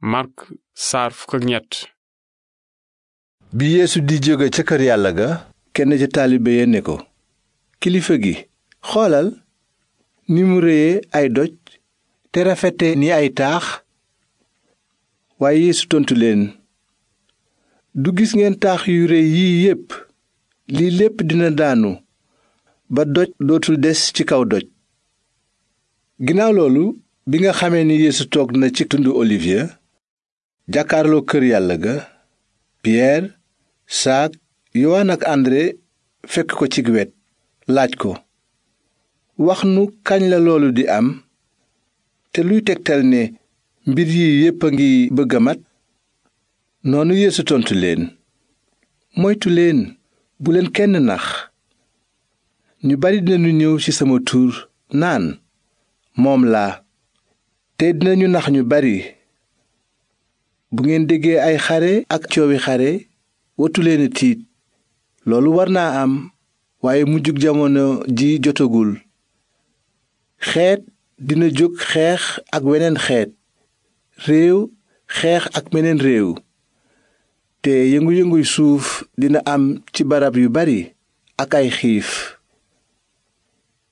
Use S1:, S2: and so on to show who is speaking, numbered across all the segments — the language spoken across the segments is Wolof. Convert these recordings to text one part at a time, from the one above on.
S1: Mark saar ñett. bi yéesu di jóge ca kër yàlla ga kenn ca taalibe ya ne ko kilifa gi xoolal ni mu réye ay doj te rafete ni ay taax waaye yeesu tontu leen du gis ngeen taax yu réy yii yépp lii lépp dina daanu ba doj dootul des ci kaw doj ginnaaw loolu bi nga xamee ni yeesu toog na ci tundu olivier jàkkaarloo kër yàlla ga piyeer saak yowaan ak andre fekk ko ci wet laaj ko wax nu kañ la loolu di am te luy tegtal ne mbir yi yépp a ngi bëgg a mat noonu yeesu tontu leen moytu leen bu leen kenn nax ñu bari dinañu ñëw ci sama tuur naan moom laa te dinañu nax ñu bari bu ngeen déggee ay xare ak coowi xare watuleena tiit loolu war naa am waaye mujjug jamono ji jotagul xeet dina jóg xeex ak weneen xeet réew xeex ak meneen réew te yëngu-yënguy suuf dina am ci barab yu bari ak ay xiif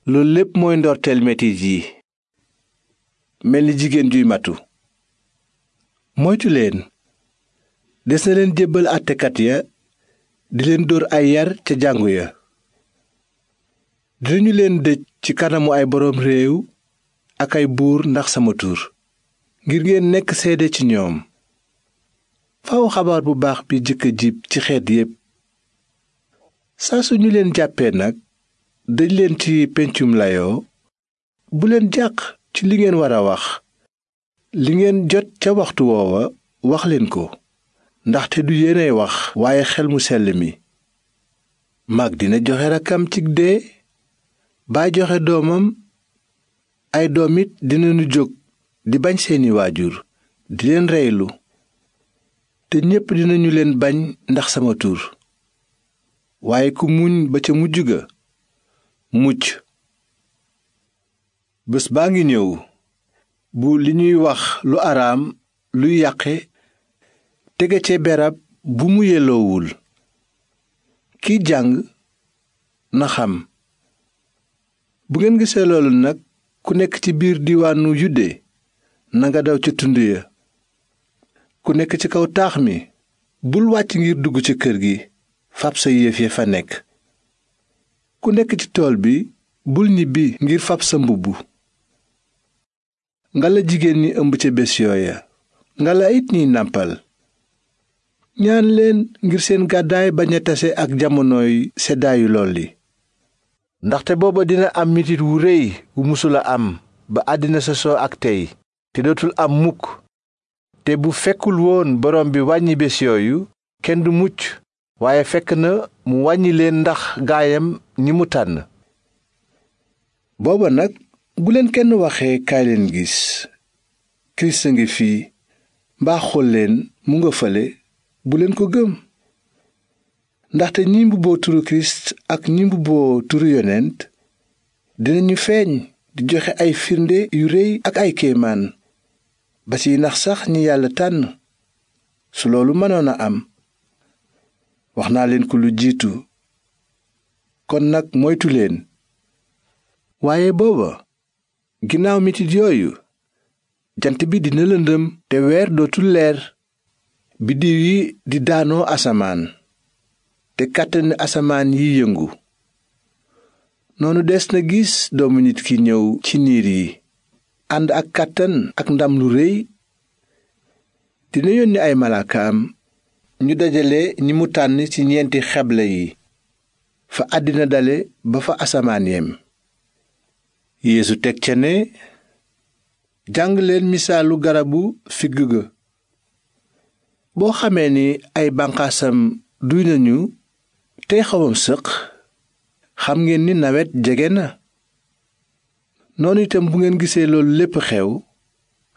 S1: loolu lépp mooy ndorteel metit yi mel ni jigéen juy matu moytu leen des na leen jébbal àttekat ya di leen dóor ay yar ca jàngu ya dinañu leen dëj ci kanamu ay boroom réew ak ay buur ndax sama tur ngir ngeen nekk seede ci ñoom faw xabaar bu baax bi jëkk a jib ci xeet yépp saa su ñu leen jàppee nag dëj leen ci pencum layoo bu leen jàq ci li ngeen war a wax li ngeen jot ca waxtu woowa wax leen ko ndaxte du yéenay wax waaye xel mu sell mi mag dina joxe rakkam cig dee baay joxe doomam ay doom it dinañu jóg di bañ seeni waajur di leen reylu te ñépp dinañu leen bañ ndax sama tur waaye ku muñ ba ca mujj ga mucc bés baa ngi ñëw bu li ñuy wax lu araam luy yàqe tege ci berab bu mu yelloowul kiy jàng na xam bu ngeen gisee loolu nag ku nekk ci biir diwaanu yude nanga daw ca tund ya ku nekk ci kaw taax mi bul wàcc ngir dugg ci kër gi fab sa yëf ya fa nekk ku nekk ci tool bi bul ñibbi ngir fab sa mbubb nga la jigéen ñi ëmb ca bés yooya nga la it ñiy nàmpal ñaan leen ngir seen gàddaay bañ a tase ak jamonoy seddaayu lool li ndaxte booba dina am mitit wu rëy wu musula am ba àddina sosoo ak tey te dootul am mukk te bu fekkul woon borom bi wàññi bés yooyu kenn du mucc waaye fekk na mu wàññi leen ndax gaayam ñi mu tànn nag bu kenn waxee kaay leen gis kirist a ngi fii mbaa leen mu nga fale bu leen ko gëm ndaxte ñi mbubboo turu kirist ak ñi mbubboo turu yonent dinañu feeñ di joxe ay firnde yu rëy ak ay kéemaan ba ci nax sax ñi yàlla tànn su loolu mënoon a am wax naa leen ko lu jiitu kon nag moytu leen waaye booba ginnaaw mitit yooyu jant bi dina lëndëm te weer dootul leer biddiw yi di daanoo asamaan te kàttani asamaan yi yëngu noonu des na gis doomu nit ki ñëw ci niir yi ànd ak kàttan ak ndam lu réy dina yónni ay malaakaam ñu dajale ñi mu tànn ci ñeenti xeble yi fa àddina dale ba fa asamaan yem yéesu teg ca ne jàng leen misaalu garabu figg ga boo xamee ni ay banqaasam duy nañu tey xawam sëq xam ngeen ni nawet jege na noonu itam bu ngeen gisee loolu lépp xew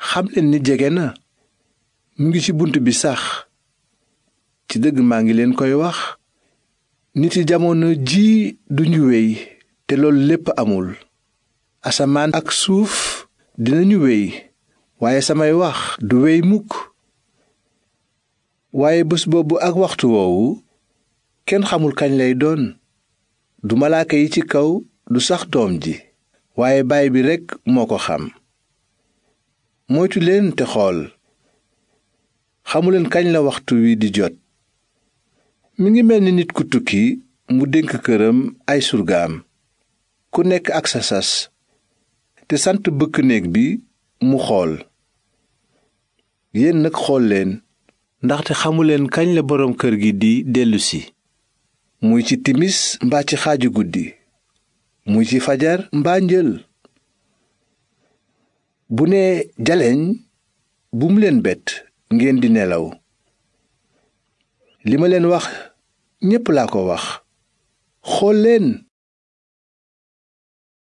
S1: xam leen ni jege na mu ngi ci bunt bi sax ci dëgg maa ngi leen koy wax nit yi jamono ji duñu wey te loolu lépp amul asamaan ak suuf dinañu wéy waaye samay wax du wéy mukk waaye bés boobu ak waxtu woowu kenn xamul kañ lay doon du malaaka yi ci kaw du sax doom ji waaye baay bi rekk moo ko xam moytu leen te xool xamuleen kañ la waxtu wi di jot mu ngi mel ni nit ku tukki mu dénk këram ay surgaam ku nekk ak sa sas te sant bëkk néeg bi mu xool yéen nag xool leen ndaxte xamuleen kañ la boroom kër gi di dellusi muy ci timis mbaa ci xaaju guddi muy ci fajar mbaa njël bu ne jaleñ bu mu leen bett ngeen di nelaw li ma leen wax ñépp laa ko wax xool leen